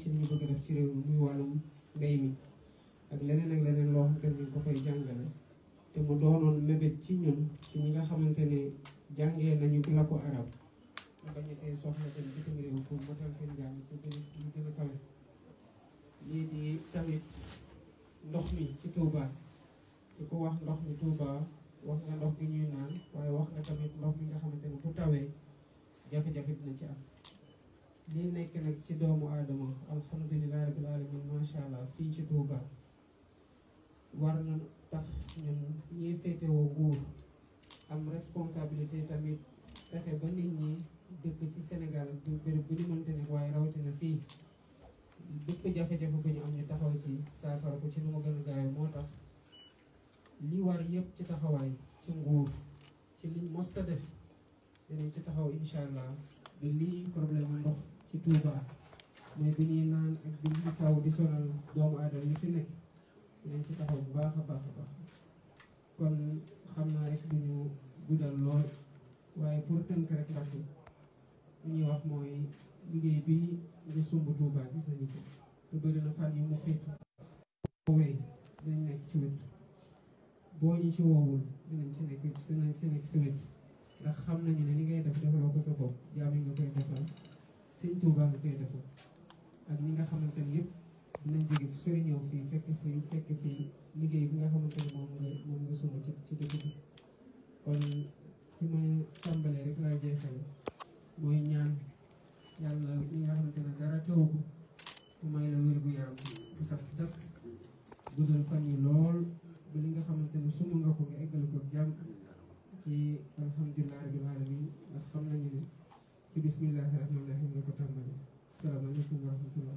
ci li ñu bëgg def ci réew mi muy wàllum mi ak leneen ak leneen loo xamante ni ko fay jàngale te mu doonoon mébét ci ñun ci ñi nga xamante ne jàngee nañu la ko arab bañ a tey soxla dem bitim réew pour seen jàng ci gën ñu gën a kawe lii di tamit ndox mi ci Touba di ko wax ndox mi Touba wax nga ndox gi ñuy naan waaye wax nga tamit ndox mi nga xamante ne bu tawee jafe-jafe dina ci am lii nekk nag ci doomu aadama alhamdulilah rabbil alamin macha allah fii ci Touba war na tax ñun ñiy féetewoo buur am responsabilité tamit fexe ba nit ñi dëkk ci Sénégal ak béréb bu ñu mënte ne waaye rawatina fii dëkk jafe-jafe bu ñu am ñu taxaw ci saafara ci nu ma gën a gaawe moo tax li war yëpp ci taxawaay ci nguur ci liñ mosta def dinañ ci taxaw incha allah bi lii problème ndox ci Touba mais bi ñuy naan ak bi ñuy taw di sonal doomu aadama yi fi nekk dinañ ci taxaw bu baax a baax a baax kon xam naa rek du ñu guddal lool waaye pour tënk rek ndax li ñuy wax mooy liggéey bi nga sumb Touba gis nañu ko te bëri na fan yu mu féete woowee dañ nekk ci wet boo ñu ci woowul dinañ ci nekk dinañ ci nekk ci wet ndax xam nañu ne li ngay def dafa Touba nga koy defal ak ñi nga xamante ni yëpp dinañ jóge fu sori ñëw fii fekk si fekk fii liggéey bi nga xamante ni moom nga suma ci ci dëkk bi kon fi ma tàmbalee rek laa jeexal mooy ñaan yàlla li nga xamante ne dara teew ko ku la wér gu bu sax dëkk guddal fan yi lool ba li nga xamante ne sumb nga ko nga eggal ko jàmm ci alhamdulilah rabbil alamin ndax xam nañu ci bismillahi rahmaani rahim nga ko tàmbali salaamaaleykum wa rahmatullah